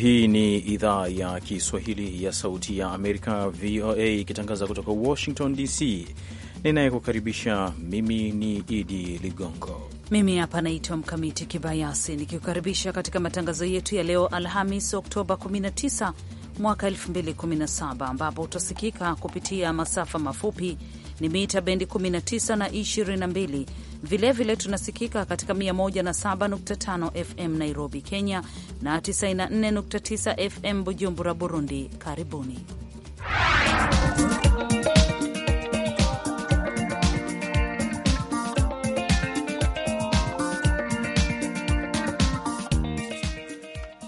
Hii ni idhaa ya Kiswahili ya Sauti ya Amerika, VOA, ikitangaza kutoka Washington DC. Ninayekukaribisha mimi ni Idi Ligongo. Mimi hapa naitwa Mkamiti Kibayasi, nikikukaribisha katika matangazo yetu ya leo Alhamis, Oktoba 19 mwaka 2017, ambapo utasikika kupitia masafa mafupi ni mita bendi 19 na 22. Vilevile vile tunasikika katika 107.5 FM Nairobi, Kenya na 94.9 FM Bujumbura, Burundi. Karibuni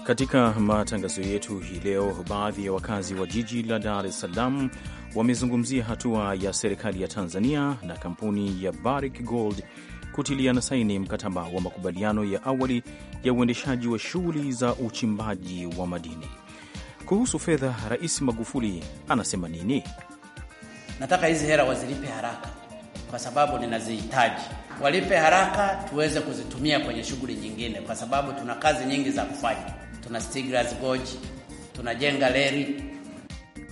Katika matangazo yetu hii leo, baadhi ya wakazi wa jiji la Dar es Salaam wamezungumzia hatua ya serikali ya Tanzania na kampuni ya Barrick Gold kutiliana saini mkataba wa makubaliano ya awali ya uendeshaji wa shughuli za uchimbaji wa madini. Kuhusu fedha, Rais Magufuli anasema nini? Nataka hizi hera wazilipe haraka, kwa sababu ninazihitaji. Walipe haraka tuweze kuzitumia kwenye shughuli nyingine, kwa sababu tuna kazi nyingi za kufanya tuna Stiglas Gorge, tunajenga reli.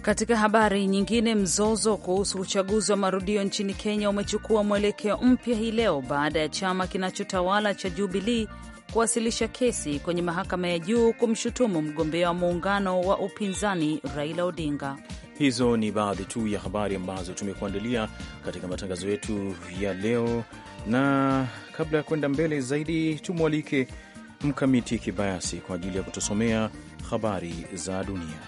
Katika habari nyingine, mzozo kuhusu uchaguzi wa marudio nchini Kenya umechukua mwelekeo mpya hii leo baada ya chama kinachotawala cha Jubilee kuwasilisha kesi kwenye mahakama ya juu kumshutumu mgombea wa muungano wa upinzani Raila Odinga. Hizo ni baadhi tu ya habari ambazo tumekuandalia katika matangazo yetu ya leo, na kabla ya kwenda mbele zaidi, tumwalike Mkamiti Kibayasi kwa ajili ya kutusomea habari za dunia.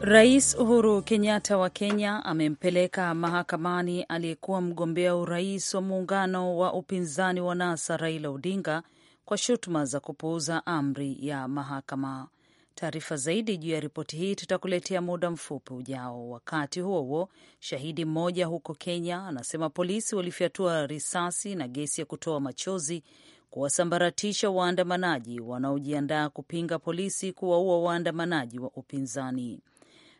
Rais Uhuru Kenyatta wa Kenya amempeleka mahakamani aliyekuwa mgombea urais wa muungano wa upinzani wa NASA Raila Odinga kwa shutuma za kupuuza amri ya mahakama. Taarifa zaidi juu ya ripoti hii tutakuletea muda mfupi ujao. Wakati huo huo, shahidi mmoja huko Kenya anasema polisi walifyatua risasi na gesi ya kutoa machozi kuwasambaratisha waandamanaji wanaojiandaa kupinga polisi kuwaua waandamanaji wa upinzani.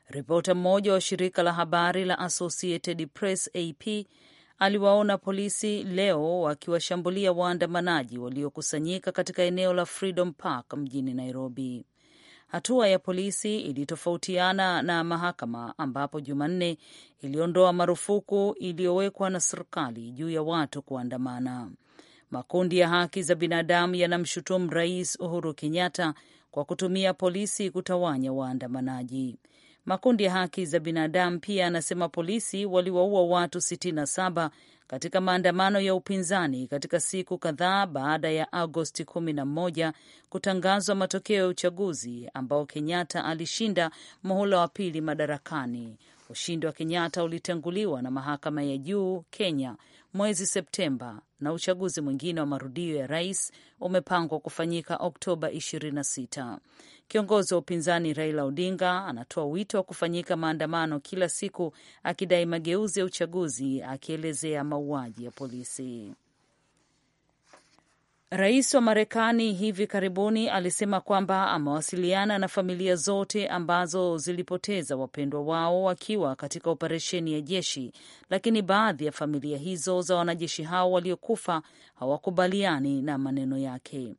Ripota mmoja wa shirika la habari la Associated Press AP aliwaona polisi leo wakiwashambulia waandamanaji waliokusanyika katika eneo la Freedom Park mjini Nairobi. Hatua ya polisi ilitofautiana na mahakama, ambapo Jumanne iliondoa marufuku iliyowekwa na serikali juu ya watu kuandamana. Makundi ya haki za binadamu yanamshutumu Rais Uhuru Kenyatta kwa kutumia polisi kutawanya waandamanaji. Makundi ya haki za binadamu pia anasema polisi waliwaua watu 67 katika maandamano ya upinzani katika siku kadhaa baada ya Agosti 11 kutangazwa matokeo ya uchaguzi ambao Kenyatta alishinda muhula wa pili madarakani. Ushindi wa Kenyatta ulitanguliwa na mahakama ya juu Kenya mwezi Septemba na uchaguzi mwingine wa marudio ya rais umepangwa kufanyika Oktoba 26. Kiongozi wa upinzani Raila Odinga anatoa wito wa kufanyika maandamano kila siku akidai mageuzi ya uchaguzi, akielezea mauaji ya polisi. Rais wa Marekani hivi karibuni alisema kwamba amewasiliana na familia zote ambazo zilipoteza wapendwa wao wakiwa katika operesheni ya jeshi, lakini baadhi ya familia hizo za wanajeshi hao waliokufa hawakubaliani na maneno yake.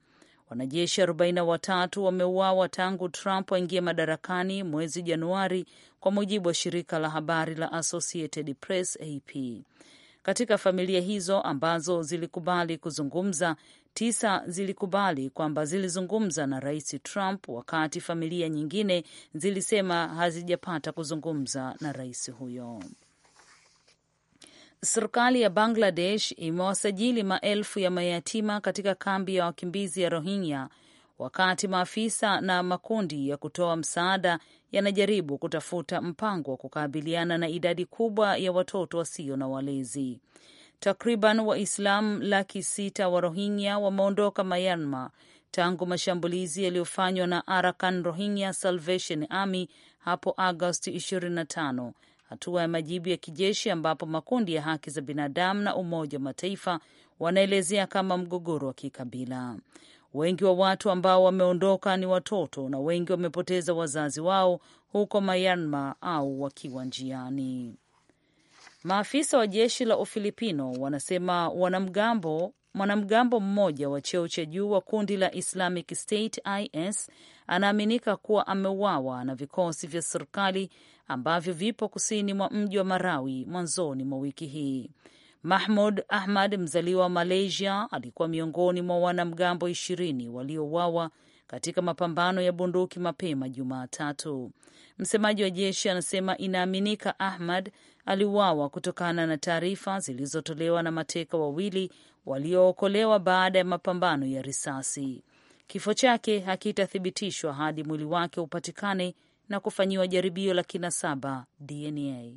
Wanajeshi 43 wameuawa tangu Trump aingia madarakani mwezi Januari, kwa mujibu wa shirika la habari la Associated Press AP. Katika familia hizo ambazo zilikubali kuzungumza, tisa zilikubali kwamba zilizungumza na Rais Trump, wakati familia nyingine zilisema hazijapata kuzungumza na rais huyo. Serikali ya Bangladesh imewasajili maelfu ya mayatima katika kambi ya wakimbizi ya Rohingya wakati maafisa na makundi ya kutoa msaada yanajaribu kutafuta mpango wa kukabiliana na idadi kubwa ya watoto wasio na walezi. Takriban Waislamu laki sita wa Rohingya wameondoka Myanmar tangu mashambulizi yaliyofanywa na Arakan Rohingya Salvation Army hapo Agosti 25, hatua ya majibu ya kijeshi ambapo makundi ya haki za binadamu na Umoja wa Mataifa wanaelezea kama mgogoro wa kikabila. Wengi wa watu ambao wameondoka ni watoto na wengi wamepoteza wazazi wao huko Myanmar au wakiwa njiani. Maafisa wa jeshi la Ufilipino wanasema wanamgambo mwanamgambo mmoja wa cheo cha juu wa kundi la Islamic State IS anaaminika kuwa ameuawa na vikosi vya serikali ambavyo vipo kusini mwa mji wa Marawi mwanzoni mwa wiki hii. Mahmud Ahmad, mzaliwa wa Malaysia, alikuwa miongoni mwa wanamgambo ishirini waliouawa katika mapambano ya bunduki mapema Jumatatu. Msemaji wa jeshi anasema inaaminika Ahmad aliuawa kutokana na taarifa zilizotolewa na mateka wawili waliookolewa baada ya mapambano ya risasi. Kifo chake hakitathibitishwa hadi mwili wake upatikane na kufanyiwa jaribio la kinasaba DNA.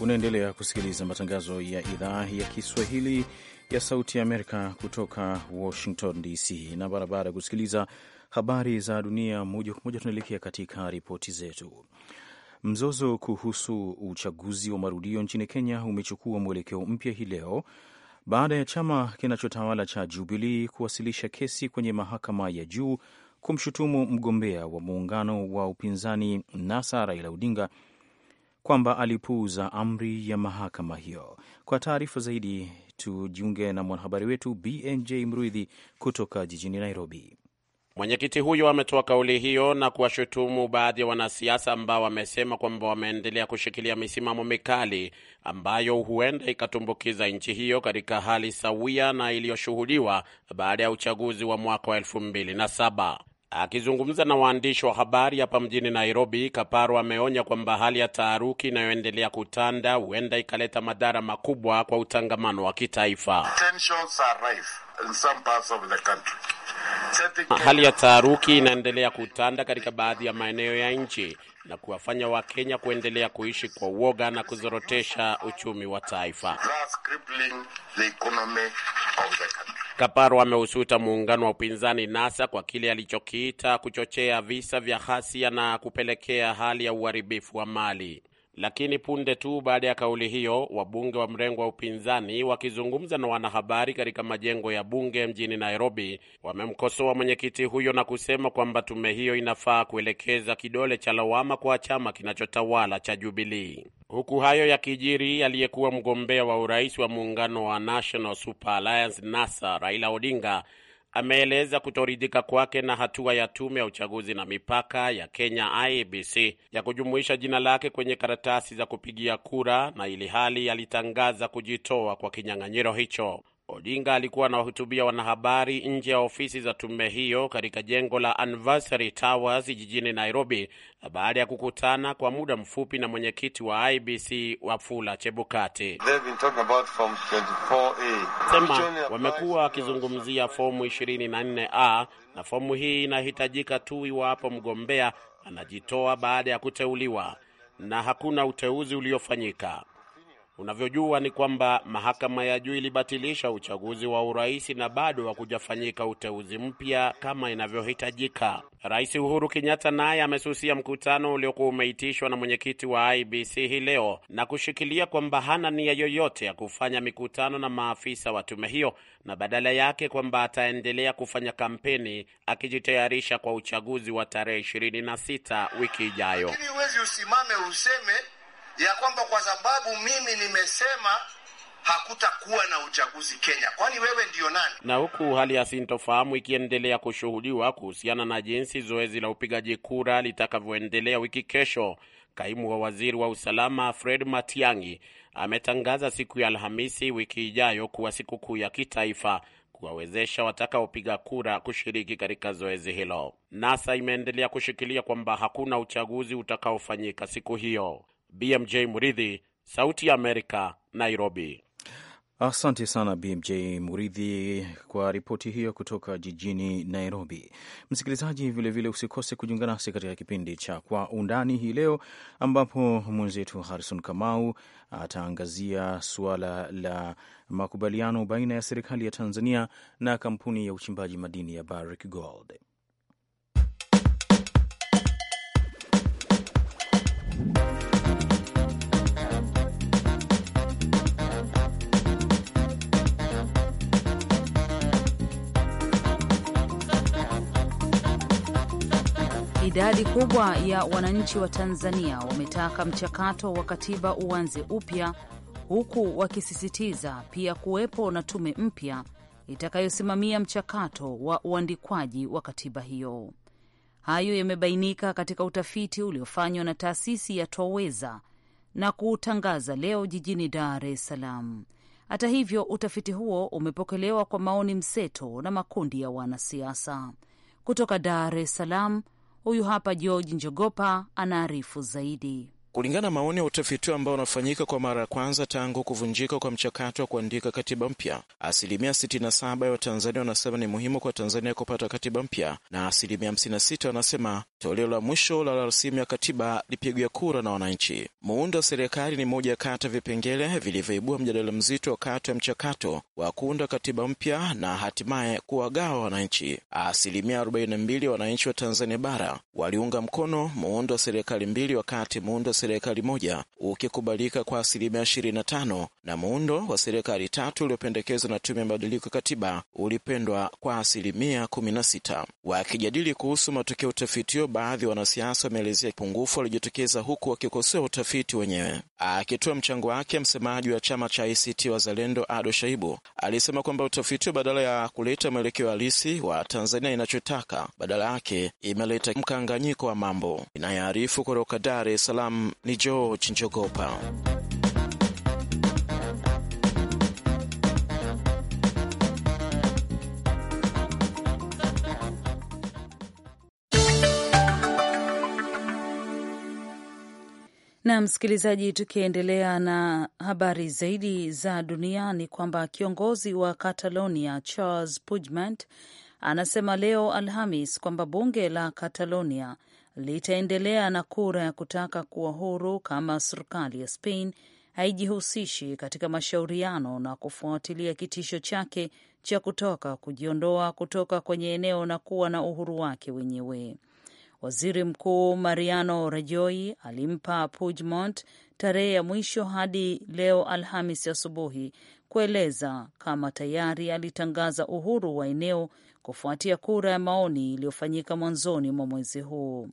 Unaendelea kusikiliza matangazo ya idhaa ya Kiswahili ya Sauti ya Amerika kutoka Washington DC. Na barabara ya kusikiliza habari za dunia moja kwa moja, tunaelekea katika ripoti zetu. Mzozo kuhusu uchaguzi wa marudio nchini Kenya umechukua mwelekeo mpya hii leo baada ya chama kinachotawala cha Jubilii kuwasilisha kesi kwenye mahakama ya juu kumshutumu mgombea wa muungano wa upinzani NASA Raila Odinga kwamba alipuuza amri ya mahakama hiyo. Kwa taarifa zaidi, tujiunge na mwanahabari wetu BNJ Mridhi kutoka jijini Nairobi. Mwenyekiti huyo ametoa kauli hiyo na kuwashutumu baadhi ya wanasiasa ambao wamesema kwamba wameendelea kushikilia misimamo mikali ambayo huenda ikatumbukiza nchi hiyo katika hali sawia na iliyoshuhudiwa baada ya uchaguzi wa mwaka wa elfu mbili na saba. Akizungumza na waandishi wa habari hapa mjini Nairobi, Kaparo ameonya kwamba hali ya taharuki inayoendelea kutanda huenda ikaleta madhara makubwa kwa utangamano wa kitaifa. Hali ya taharuki inaendelea kutanda katika baadhi ya maeneo ya nchi na kuwafanya Wakenya kuendelea kuishi kwa uoga na kuzorotesha uchumi wa taifa. Kaparo amehusuta muungano wa upinzani NASA kwa kile alichokiita kuchochea visa vya ghasia na kupelekea hali ya uharibifu wa mali. Lakini punde tu baada ya kauli hiyo, wabunge wa mrengo wa upinzani wakizungumza na wanahabari katika majengo ya bunge mjini Nairobi, wamemkosoa mwenyekiti huyo na kusema kwamba tume hiyo inafaa kuelekeza kidole cha lawama kwa chama kinachotawala cha jubilii Huku hayo yakijiri, aliyekuwa mgombea wa urais wa muungano wa National Super Alliance NASA Raila Odinga ameeleza kutoridhika kwake na hatua ya tume ya uchaguzi na mipaka ya Kenya IEBC ya kujumuisha jina lake kwenye karatasi za kupigia kura na ili hali alitangaza kujitoa kwa kinyang'anyiro hicho. Odinga alikuwa anawahutubia wanahabari nje ya ofisi za tume hiyo katika jengo la Anniversary Towers jijini Nairobi, baada ya kukutana kwa muda mfupi na mwenyekiti wa IBC Wafula Chebukati. Sema wamekuwa wakizungumzia fomu 24A na fomu hii inahitajika tu iwapo mgombea anajitoa baada ya kuteuliwa, na hakuna uteuzi uliofanyika. Unavyojua ni kwamba mahakama ya juu ilibatilisha uchaguzi wa urais na bado hakujafanyika uteuzi mpya kama inavyohitajika. Rais Uhuru Kenyatta naye amesusia mkutano uliokuwa umeitishwa na mwenyekiti wa IBC hii leo na kushikilia kwamba hana nia yoyote ya kufanya mikutano na maafisa wa tume hiyo na badala yake kwamba ataendelea kufanya kampeni akijitayarisha kwa uchaguzi wa tarehe 26 wiki ijayo. Lakini huwezi usimame useme ya kwamba kwa sababu mimi nimesema hakutakuwa na uchaguzi Kenya, kwani wewe ndio nani? Na huku hali ya sintofahamu ikiendelea kushuhudiwa kuhusiana na jinsi zoezi la upigaji kura litakavyoendelea wiki kesho, kaimu wa waziri wa usalama Fred Matiang'i ametangaza siku ya Alhamisi wiki ijayo kuwa sikukuu ya kitaifa kuwawezesha watakaopiga kura kushiriki katika zoezi hilo. NASA imeendelea kushikilia kwamba hakuna uchaguzi utakaofanyika siku hiyo. BMJ Muridhi, Sauti ya Amerika, Nairobi. Asante sana BMJ Muridhi kwa ripoti hiyo kutoka jijini Nairobi. Msikilizaji, vilevile usikose kujiunga nasi katika kipindi cha Kwa Undani hii leo, ambapo mwenzetu Harison Kamau ataangazia suala la makubaliano baina ya serikali ya Tanzania na kampuni ya uchimbaji madini ya Barrick Gold. Idadi kubwa ya wananchi wa Tanzania wametaka mchakato wa katiba uanze upya, huku wakisisitiza pia kuwepo na tume mpya itakayosimamia mchakato wa uandikwaji wa katiba hiyo. Hayo yamebainika katika utafiti uliofanywa na taasisi ya Twaweza na kuutangaza leo jijini Dar es Salaam. Hata hivyo, utafiti huo umepokelewa kwa maoni mseto na makundi ya wanasiasa. Kutoka Dar es Salaam, Huyu hapa George Njogopa anaarifu zaidi. Kulingana na maoni ya utafiti ambao unafanyika kwa mara ya kwanza tangu kuvunjika kwa mchakato wa kuandika katiba mpya, asilimia 67 ya Watanzania wanasema ni muhimu kwa Tanzania kupata katiba mpya, na asilimia 56 wanasema toleo la mwisho la rasimu ya katiba lipigwe kura na wananchi. Muundo wa serikali ni moja kati ya vipengele vilivyoibua mjadala mzito wakati wa mchakato wa kuunda katiba mpya na hatimaye kuwagawa wananchi. Asilimia 42 ya wananchi wa Tanzania bara waliunga mkono muundo wa serikali mbili, wakati muundo serikali moja ukikubalika kwa asilimia 25 na muundo wa serikali tatu uliopendekezwa na tume ya mabadiliko ya katiba ulipendwa kwa asilimia 16. Wakijadili kuhusu matokeo ya utafiti huo, baadhi ya wanasiasa wameelezea pungufu waliojitokeza, huku wakikosoa utafiti wenyewe. Akitoa mchango wake, msemaji wa chama cha ACT Wazalendo Ado Shaibu alisema kwamba utafiti huo badala ya kuleta mwelekeo halisi wa Tanzania inachotaka, badala yake imeleta mkanganyiko wa mambo. Inayoarifu kutoka Dar es Salaam ni George Njogopa. Na msikilizaji, tukiendelea na habari zaidi za dunia ni kwamba kiongozi wa Catalonia Charles Puigdemont anasema leo Alhamis kwamba bunge la Catalonia litaendelea na kura ya kutaka kuwa huru kama serikali ya Spain haijihusishi katika mashauriano na kufuatilia kitisho chake cha kutoka kujiondoa kutoka kwenye eneo na kuwa na uhuru wake wenyewe. Waziri Mkuu Mariano Rajoy alimpa Puigdemont tarehe ya mwisho hadi leo Alhamis asubuhi kueleza kama tayari alitangaza uhuru wa eneo kufuatia kura ya maoni iliyofanyika mwanzoni mwa mwezi huu.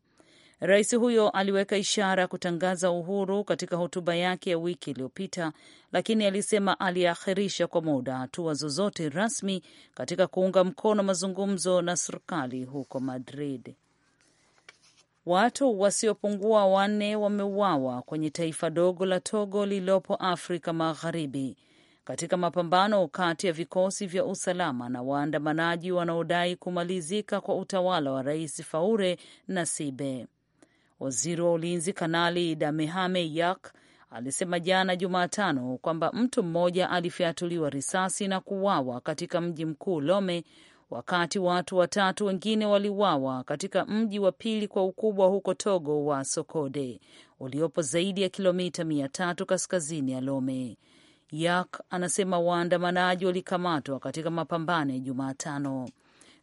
Rais huyo aliweka ishara ya kutangaza uhuru katika hotuba yake ya wiki iliyopita, lakini alisema aliakhirisha kwa muda hatua zozote rasmi katika kuunga mkono mazungumzo na serikali huko Madrid. Watu wasiopungua wanne wameuawa kwenye taifa dogo la Togo lililopo Afrika Magharibi katika mapambano kati ya vikosi vya usalama na waandamanaji wanaodai kumalizika kwa utawala wa Rais Faure Nasibe. Waziri wa ulinzi Kanali Damehame Yak alisema jana Jumatano kwamba mtu mmoja alifyatuliwa risasi na kuuawa katika mji mkuu Lome, wakati watu watatu wengine waliuawa katika mji wa pili kwa ukubwa huko Togo wa Sokode uliopo zaidi ya kilomita mia tatu kaskazini ya Lome. Yak anasema waandamanaji walikamatwa katika mapambano ya Jumatano.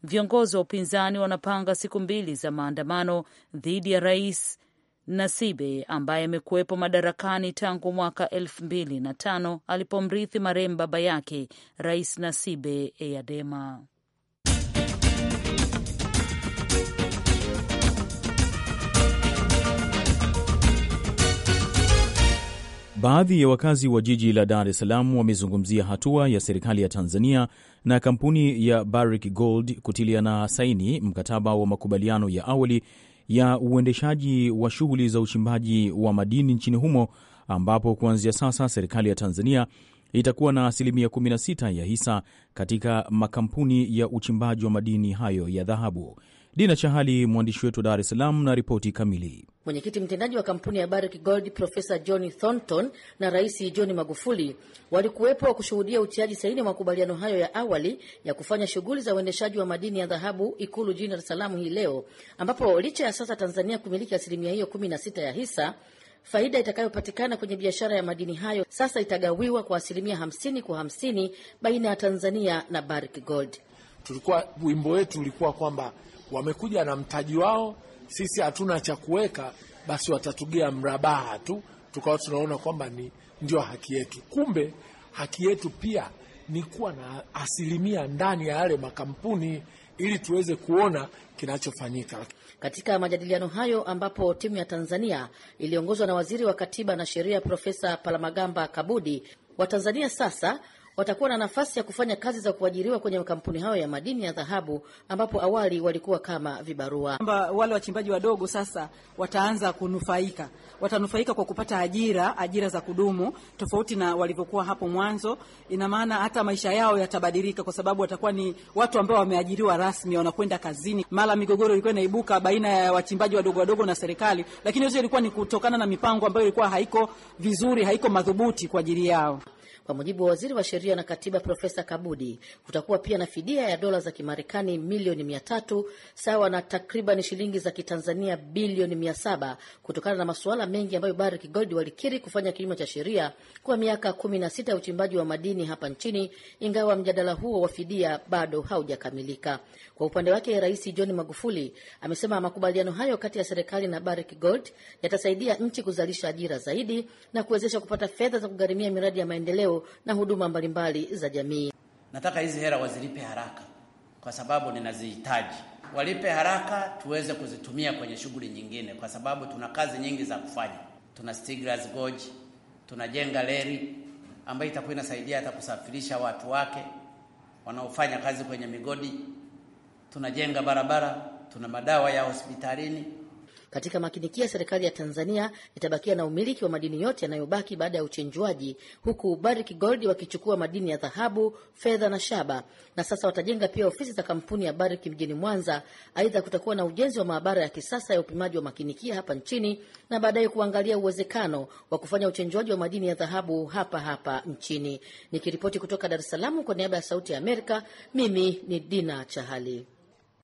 Viongozi wa upinzani wanapanga siku mbili za maandamano dhidi ya rais Nasibe ambaye amekuwepo madarakani tangu mwaka elfu mbili na tano alipomrithi marehemu baba yake Rais Nasibe Eyadema. Baadhi ya wakazi wa jiji la Dar es Salaam wamezungumzia hatua ya serikali ya Tanzania na kampuni ya Barrick Gold na saini mkataba wa makubaliano ya awali ya uendeshaji wa shughuli za uchimbaji wa madini nchini humo, ambapo kuanzia sasa serikali ya Tanzania itakuwa na asilimia 16 ya hisa katika makampuni ya uchimbaji wa madini hayo ya dhahabu. Dina Chahali, mwandishi wetu wa Dar es Salaam, na ripoti kamili. Mwenyekiti mtendaji wa kampuni ya Barrick Gold Profesa John Thornton na Rais John Magufuli walikuwepo wa kushuhudia utiaji saini wa makubaliano hayo ya awali ya kufanya shughuli za uendeshaji wa madini ya dhahabu Ikulu jijini Dar es Salaam hii leo, ambapo licha ya sasa Tanzania kumiliki asilimia hiyo kumi na sita ya hisa faida itakayopatikana kwenye biashara ya madini hayo sasa itagawiwa kwa asilimia hamsini kwa hamsini baina ya Tanzania na Barrick Gold. Tulikuwa wimbo wetu ulikuwa kwamba wamekuja na mtaji wao, sisi hatuna cha kuweka, basi watatugia mrabaha tu, tukawa tunaona kwamba ni ndio haki yetu. Kumbe haki yetu pia ni kuwa na asilimia ndani ya yale makampuni ili tuweze kuona kinachofanyika. Katika majadiliano hayo ambapo timu ya Tanzania iliongozwa na waziri wa katiba na sheria Profesa Palamagamba Kabudi, Watanzania sasa watakuwa na nafasi ya kufanya kazi za kuajiriwa kwenye makampuni hayo ya madini ya dhahabu, ambapo awali walikuwa kama vibarua. Kwamba wale wachimbaji wadogo sasa wataanza kunufaika, watanufaika kwa kupata ajira, ajira za kudumu, tofauti na walivyokuwa hapo mwanzo. Ina maana hata maisha yao yatabadilika, kwa sababu watakuwa ni watu ambao wameajiriwa rasmi, wanakwenda kazini. Mara migogoro ilikuwa inaibuka baina ya wachimbaji wadogo wadogo na serikali, lakini yote ilikuwa ni kutokana na mipango ambayo ilikuwa haiko vizuri, haiko madhubuti kwa ajili yao. Kwa mujibu wa waziri wa sheria na katiba Profesa Kabudi, kutakuwa pia na fidia ya dola za Kimarekani milioni mia tatu sawa na takriban shilingi za Kitanzania bilioni mia saba kutokana na masuala mengi ambayo Barrick Gold walikiri kufanya kinyume cha sheria kwa miaka kumi na sita ya uchimbaji wa madini hapa nchini, ingawa mjadala huo wa fidia bado haujakamilika. Kwa upande wake, Rais John Magufuli amesema makubaliano hayo kati ya serikali na Barrick Gold yatasaidia nchi kuzalisha ajira zaidi na kuwezesha kupata fedha za kugharimia miradi ya maendeleo na huduma mbalimbali za jamii. Nataka hizi hela wazilipe haraka, kwa sababu ninazihitaji. Walipe haraka tuweze kuzitumia kwenye shughuli nyingine, kwa sababu tuna kazi nyingi za kufanya. Tuna Stiglas Gorge, tunajenga reli ambayo itakuwa inasaidia hata kusafirisha watu wake wanaofanya kazi kwenye migodi, tunajenga barabara, tuna madawa ya hospitalini. Katika makinikia, serikali ya Tanzania itabakia na umiliki wa madini yote yanayobaki baada ya uchenjuaji, huku Barrick Gold wakichukua madini ya dhahabu, fedha na shaba, na sasa watajenga pia ofisi za kampuni ya Barrick mjini Mwanza. Aidha, kutakuwa na ujenzi wa maabara ya kisasa ya upimaji wa makinikia hapa nchini na baadaye kuangalia uwezekano wa kufanya uchenjuaji wa madini ya dhahabu hapa hapa nchini. Nikiripoti kutoka Dar es Salaam kwa niaba ya Sauti ya Amerika, mimi ni Dina Chahali.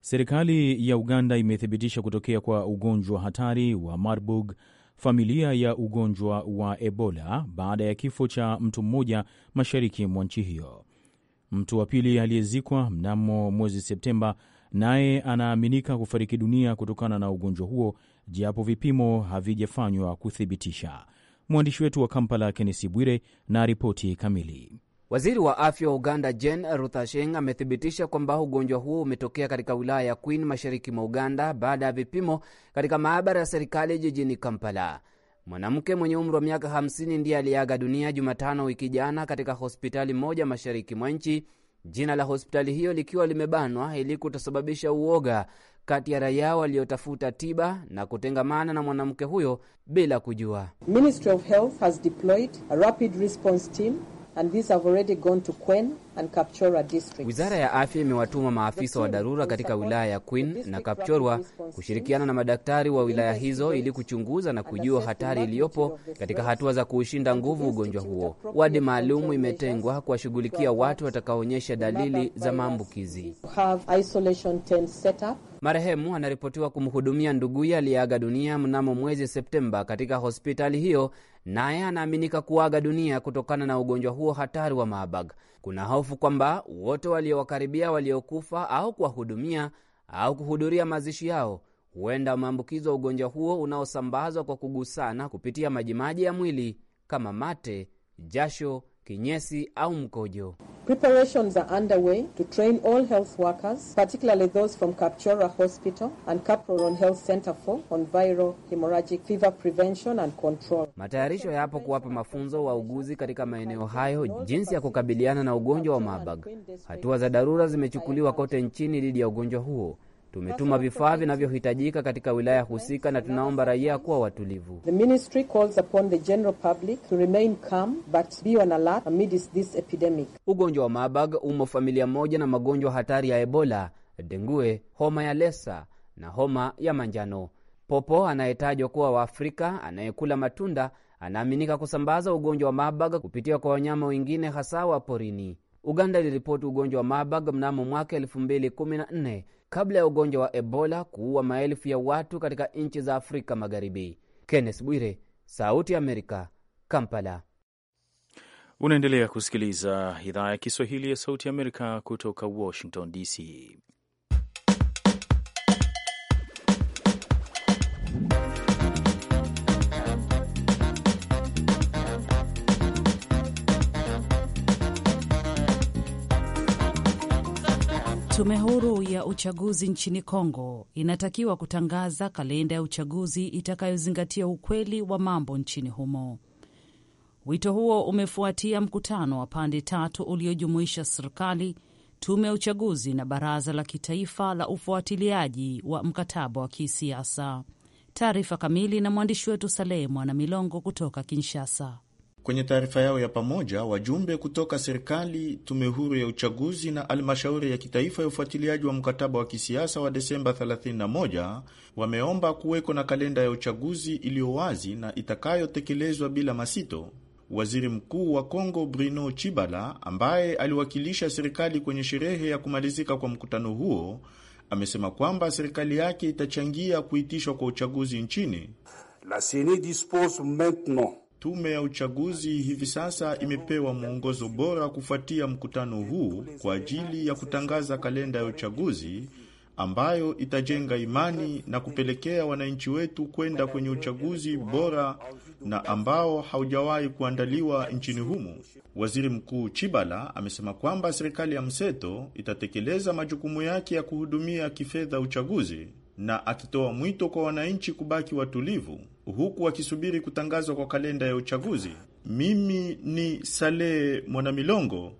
Serikali ya Uganda imethibitisha kutokea kwa ugonjwa hatari wa Marburg, familia ya ugonjwa wa Ebola, baada ya kifo cha mtu mmoja mashariki mwa nchi hiyo. Mtu wa pili aliyezikwa mnamo mwezi Septemba naye anaaminika kufariki dunia kutokana na ugonjwa huo, japo vipimo havijafanywa kuthibitisha. Mwandishi wetu wa Kampala, Kennesi Bwire, na ripoti kamili. Waziri wa afya wa Uganda jen Ruthasheng amethibitisha kwamba ugonjwa huo umetokea katika wilaya ya Queen mashariki mwa Uganda baada ya vipimo katika maabara ya serikali jijini Kampala. Mwanamke mwenye umri wa miaka 50 ndiye aliyeaga dunia Jumatano wiki jana katika hospitali moja mashariki mwa nchi, jina la hospitali hiyo likiwa limebanwa ili kutosababisha uoga kati ya raia waliotafuta tiba na kutengamana na mwanamke huyo bila kujua. Ministry of Health has deployed a rapid response team And these have already gone to Kwen and Kapchorwa districts. Wizara ya Afya imewatuma maafisa wa dharura katika wilaya ya Kwen na Kapchorwa kushirikiana na madaktari wa wilaya hizo ili kuchunguza na kujua hatari iliyopo katika hatua za kuushinda nguvu ugonjwa huo. Wadi maalum imetengwa kuwashughulikia watu watakaoonyesha dalili za maambukizi. Marehemu anaripotiwa kumhudumia nduguye aliyeaga dunia mnamo mwezi Septemba katika hospitali hiyo naye anaaminika kuaga dunia kutokana na ugonjwa huo hatari wa Marburg. Kuna hofu kwamba wote waliowakaribia waliokufa au kuwahudumia au kuhudhuria mazishi yao huenda wameambukizwa ugonjwa huo unaosambazwa kwa kugusana kupitia majimaji ya mwili kama mate, jasho kinyesi au mkojo. Preparations are underway to train all health workers, particularly those from Kapchora Hospital and Health Center for on viral hemorrhagic fever prevention and control. Matayarisho yapo kuwapa mafunzo wauguzi katika maeneo hayo jinsi ya kukabiliana na ugonjwa wa Marburg. Hatua za dharura zimechukuliwa kote nchini dhidi ya ugonjwa huo. Tumetuma vifaa vinavyohitajika katika wilaya husika na tunaomba raia kuwa watulivu. Ugonjwa wa Marburg umo familia moja na magonjwa hatari ya Ebola, dengue, homa ya lesa na homa ya manjano. Popo anayetajwa kuwa Waafrika anayekula matunda anaaminika kusambaza ugonjwa wa Marburg kupitia kwa wanyama wengine hasa wa porini. Uganda iliripoti ugonjwa wa Marburg mnamo mwaka 2014 kabla ya ugonjwa wa Ebola kuua maelfu ya watu katika nchi za Afrika Magharibi. Kenneth Bwire, Sauti Amerika, Kampala. Unaendelea kusikiliza idhaa ya Kiswahili ya Sauti Amerika kutoka Washington DC. Tume huru ya uchaguzi nchini Kongo inatakiwa kutangaza kalenda ya uchaguzi itakayozingatia ukweli wa mambo nchini humo. Wito huo umefuatia mkutano wa pande tatu uliojumuisha serikali, tume ya uchaguzi na baraza la kitaifa la ufuatiliaji wa mkataba wa kisiasa. Taarifa kamili na mwandishi wetu Salehe Mwana Milongo kutoka Kinshasa. Kwenye taarifa yao ya pamoja, wajumbe kutoka serikali, tume huru ya uchaguzi na almashauri ya kitaifa ya ufuatiliaji wa mkataba wa kisiasa wa Desemba 31 wameomba kuweko na kalenda ya uchaguzi iliyo wazi na itakayotekelezwa bila masito. Waziri Mkuu wa Kongo Bruno Chibala, ambaye aliwakilisha serikali kwenye sherehe ya kumalizika kwa mkutano huo, amesema kwamba serikali yake itachangia kuitishwa kwa uchaguzi nchini. La CENI dispose maintenant Tume ya uchaguzi hivi sasa imepewa mwongozo bora kufuatia mkutano huu kwa ajili ya kutangaza kalenda ya uchaguzi ambayo itajenga imani na kupelekea wananchi wetu kwenda kwenye uchaguzi bora na ambao haujawahi kuandaliwa nchini humo. Waziri Mkuu Chibala amesema kwamba serikali ya mseto itatekeleza majukumu yake ya kuhudumia kifedha uchaguzi na akitoa mwito kwa wananchi kubaki watulivu huku akisubiri kutangazwa kwa kalenda ya uchaguzi. Mimi ni Saleh Mwanamilongo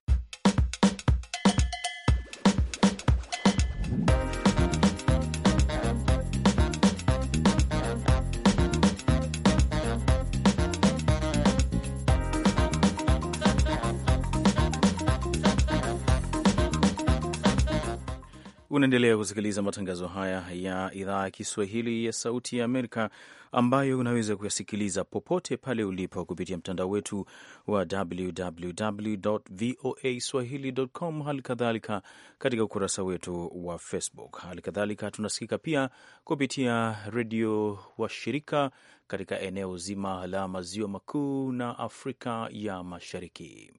Unaendelea kusikiliza matangazo haya ya idhaa ya Kiswahili ya Sauti ya Amerika, ambayo unaweza kuyasikiliza popote pale ulipo kupitia mtandao wetu wa www voa swahili.com, hali kadhalika katika ukurasa wetu wa Facebook. Hali kadhalika tunasikika pia kupitia redio wa shirika katika eneo zima la maziwa makuu na Afrika ya Mashariki.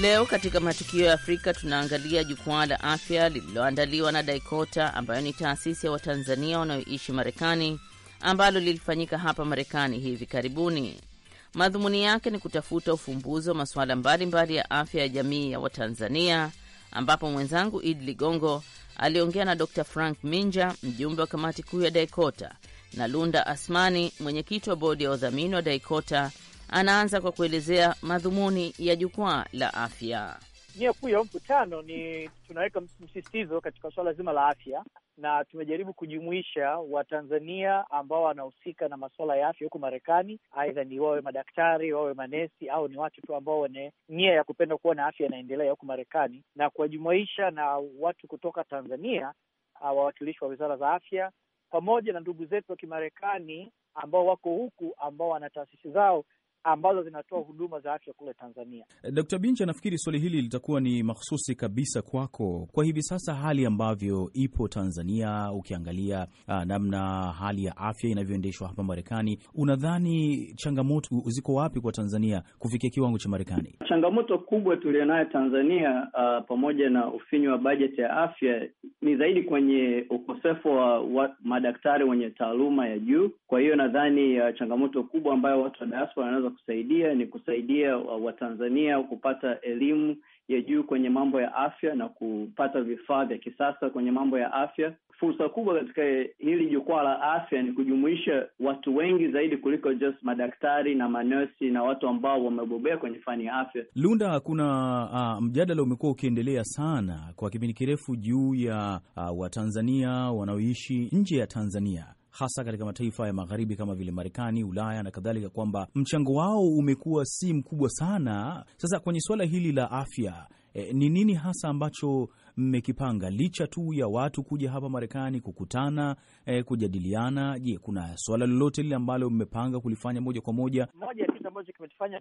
Leo katika matukio ya Afrika tunaangalia jukwaa la afya lililoandaliwa na Daikota ambayo ni taasisi ya Watanzania wanayoishi Marekani ambalo lilifanyika hapa Marekani hivi karibuni. Madhumuni yake ni kutafuta ufumbuzi wa masuala mbalimbali ya afya ya jamii ya Watanzania, ambapo mwenzangu Idi Ligongo aliongea na Dr Frank Minja, mjumbe wa kamati kuu ya Daikota, na Lunda Asmani, mwenyekiti wa bodi ya udhamini wa Daikota anaanza kwa kuelezea madhumuni ya jukwaa la afya. Nia kuu ya mkutano ni tunaweka msisitizo katika suala zima la afya, na tumejaribu kujumuisha Watanzania ambao wanahusika na masuala ya afya huko Marekani, aidha ni wawe madaktari, wawe manesi, au ni watu tu ambao wenye nia ya kupenda kuona afya inaendelea huko Marekani, na kuwajumuisha na watu kutoka Tanzania, wawakilishi wa wizara za afya, pamoja na ndugu zetu wa Kimarekani ambao wako huku, ambao wana taasisi zao ambazo zinatoa huduma za afya kule Tanzania. Eh, Dkt. Binja, nafikiri swali hili litakuwa ni mahususi kabisa kwako. Kwa hivi sasa hali ambavyo ipo Tanzania, ukiangalia ah, namna hali ya afya inavyoendeshwa hapa Marekani, unadhani changamoto ziko wapi kwa Tanzania kufikia kiwango cha Marekani? Changamoto kubwa tulionayo Tanzania uh, pamoja na ufinyu wa bajeti ya afya ni zaidi kwenye ukosefu wa, wa madaktari wenye taaluma ya juu. Kwa hiyo nadhani uh, changamoto kubwa ambayo watu wa diaspora wanaweza linaweza kusaidia ni kusaidia uh, Watanzania kupata elimu ya juu kwenye mambo ya afya na kupata vifaa vya kisasa kwenye mambo ya afya. Fursa kubwa katika hili jukwaa la afya ni kujumuisha watu wengi zaidi kuliko just madaktari na manesi na watu ambao wamebobea kwenye fani ya afya. Lunda, kuna uh, mjadala umekuwa ukiendelea sana kwa kipindi kirefu juu ya uh, Watanzania wanaoishi nje ya Tanzania hasa katika mataifa ya magharibi kama vile Marekani, Ulaya na kadhalika, kwamba mchango wao umekuwa si mkubwa sana. Sasa kwenye suala hili la afya, eh, ni e, nini hasa ambacho mmekipanga licha tu ya watu kuja hapa Marekani kukutana, eh, kujadiliana? Je, kuna swala lolote lile ambalo mmepanga kulifanya moja kwa moja? Moja ya kitu ambacho kimetufanya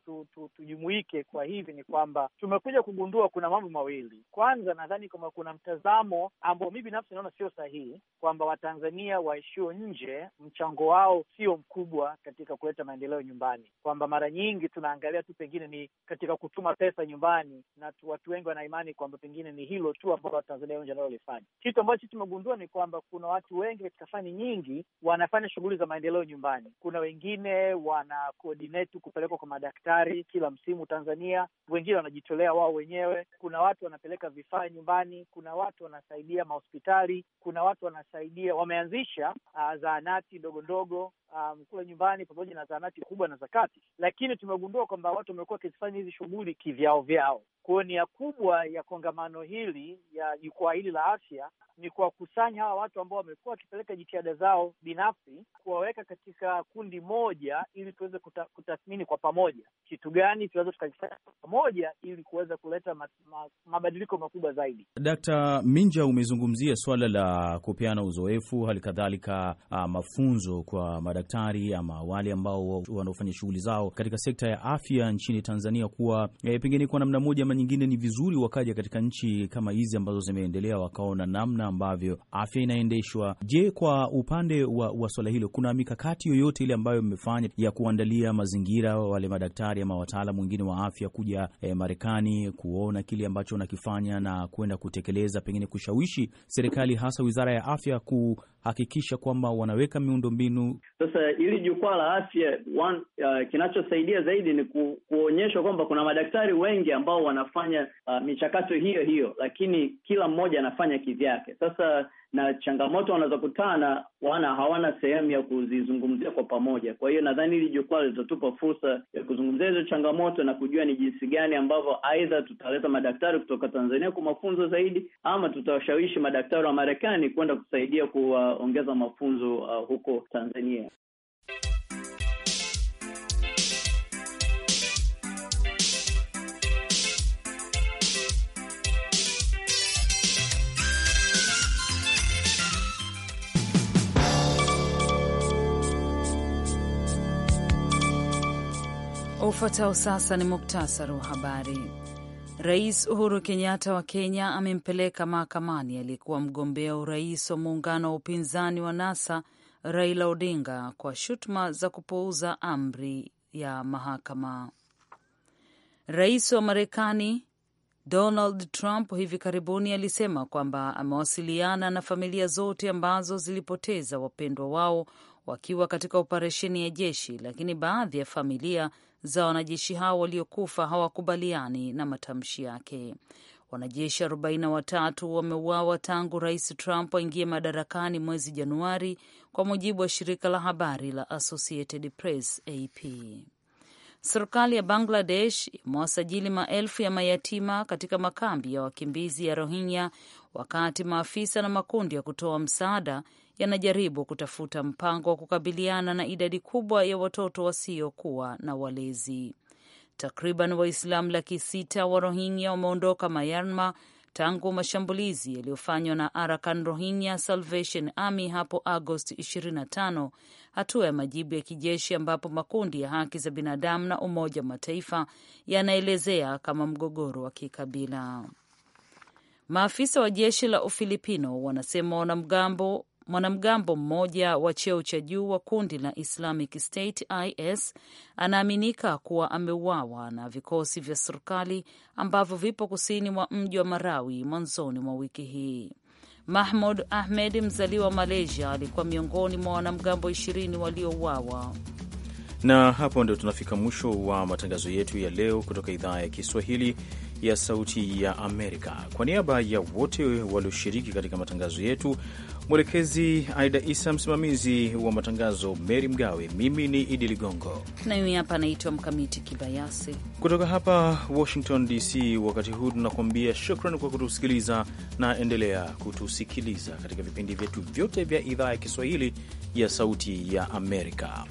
tujumuike tu, tu kwa hivi ni kwamba tumekuja kugundua kuna mambo mawili. Kwanza nadhani kwamba kuna mtazamo ambao mi binafsi naona sio sahihi kwamba Watanzania waishio nje mchango wao sio mkubwa katika kuleta maendeleo nyumbani, kwamba mara nyingi tunaangalia tu pengine ni katika kutuma pesa nyumbani, na watu wengi wanaimani kwamba pengine ni hilo tu kwa Watanzania wengi wanalolifanya. Kitu ambacho tumegundua ni kwamba kuna watu wengi katika fani nyingi wanafanya shughuli za maendeleo nyumbani. Kuna wengine wana coordinate kupelekwa kwa madaktari kila msimu Tanzania, wengine wanajitolea wao wenyewe. Kuna watu wanapeleka vifaa nyumbani, kuna watu wanasaidia mahospitali, kuna watu wanasaidia, wameanzisha ah, zahanati ndogo ndogo um, kule nyumbani pamoja na zahanati kubwa na zakati, lakini tumegundua kwamba watu wamekuwa wakizifanya hizi shughuli kivyao vyao. Kwa hiyo nia kubwa ya kongamano hili ya jukwaa hili la afya ni kuwakusanya hawa watu ambao wamekuwa wakipeleka jitihada zao binafsi, kuwaweka katika kundi moja ili tuweze kuta, kutathmini kwa pamoja kitu gani tunaweza tukakifanya pamoja ili kuweza kuleta ma, ma, mabadiliko makubwa zaidi. Dkt. Minja, umezungumzia swala la kupeana uzoefu, hali kadhalika ah, mafunzo kwa mada madaktari ama wale ambao wanaofanya shughuli zao katika sekta ya afya nchini Tanzania kuwa e, pengine kwa namna moja ama nyingine ni vizuri wakaja katika nchi kama hizi ambazo zimeendelea wakaona namna ambavyo afya inaendeshwa. Je, kwa upande wa, wa swala hilo kuna mikakati yoyote ile ambayo mmefanya ya kuandalia mazingira wale madaktari ama wataalam wengine wa afya kuja e, Marekani kuona kile ambacho wanakifanya na kwenda kutekeleza, pengine kushawishi serikali hasa wizara ya afya ku hakikisha kwamba wanaweka miundombinu. Sasa hili jukwaa la afya uh, kinachosaidia zaidi ni ku, kuonyeshwa kwamba kuna madaktari wengi ambao wanafanya uh, michakato hiyo hiyo, lakini kila mmoja anafanya kivyake. Sasa na changamoto wanazokutana wana hawana sehemu ya kuzizungumzia kwa pamoja. Kwa hiyo nadhani hili jukwaa litatupa fursa ya kuzungumzia hizo changamoto na kujua ni jinsi gani ambavyo aidha tutaleta madaktari kutoka Tanzania kwa mafunzo zaidi, ama tutawashawishi madaktari wa Marekani kwenda kusaidia kuwaongeza mafunzo uh, huko Tanzania. Ufuatao sasa ni muktasari wa habari. Rais Uhuru Kenyatta wa Kenya amempeleka mahakamani aliyekuwa mgombea urais wa muungano wa upinzani wa NASA Raila Odinga kwa shutuma za kupuuza amri ya mahakama. Rais wa Marekani Donald Trump hivi karibuni alisema kwamba amewasiliana na familia zote ambazo zilipoteza wapendwa wao wakiwa katika operesheni ya jeshi, lakini baadhi ya familia za wanajeshi hao waliokufa hawakubaliani na matamshi yake. Wanajeshi 43 wameuawa tangu Rais Trump aingie madarakani mwezi Januari, kwa mujibu wa shirika la habari la Associated Press AP. Serikali ya Bangladesh imewasajili maelfu ya mayatima katika makambi ya wakimbizi ya Rohingya, wakati maafisa na makundi ya kutoa msaada yanajaribu kutafuta mpango wa kukabiliana na idadi kubwa ya watoto wasiokuwa na walezi. Takriban Waislamu laki sita wa Rohingya wameondoka Myanmar tangu mashambulizi yaliyofanywa na Arakan Rohingya Salvation Army hapo Agosti 25, hatua ya majibu ya kijeshi ambapo makundi ya haki za binadamu na Umoja wa Mataifa yanaelezea kama mgogoro wa kikabila. Maafisa wa jeshi la Ufilipino wanasema wanamgambo mwanamgambo mmoja wa cheo cha juu wa kundi la Islamic State IS anaaminika kuwa ameuawa na vikosi vya serikali ambavyo vipo kusini mwa mji wa Marawi mwanzoni mwa wiki hii. Mahmud Ahmed, mzaliwa wa Malaysia, alikuwa miongoni mwa wanamgambo ishirini waliouawa. Na hapo ndio tunafika mwisho wa matangazo yetu ya leo kutoka idhaa ya Kiswahili ya Sauti ya Amerika. Kwa niaba ya wote walioshiriki katika matangazo yetu, mwelekezi Aida Isa, msimamizi wa matangazo Meri Mgawe, mimi ni Idi Ligongo na mimi hapa naitwa Mkamiti Kibayasi kutoka hapa Washington DC. Wakati huu tunakuambia shukran kwa kutusikiliza, na endelea kutusikiliza katika vipindi vyetu vyote vya idhaa ya Kiswahili ya Sauti ya Amerika.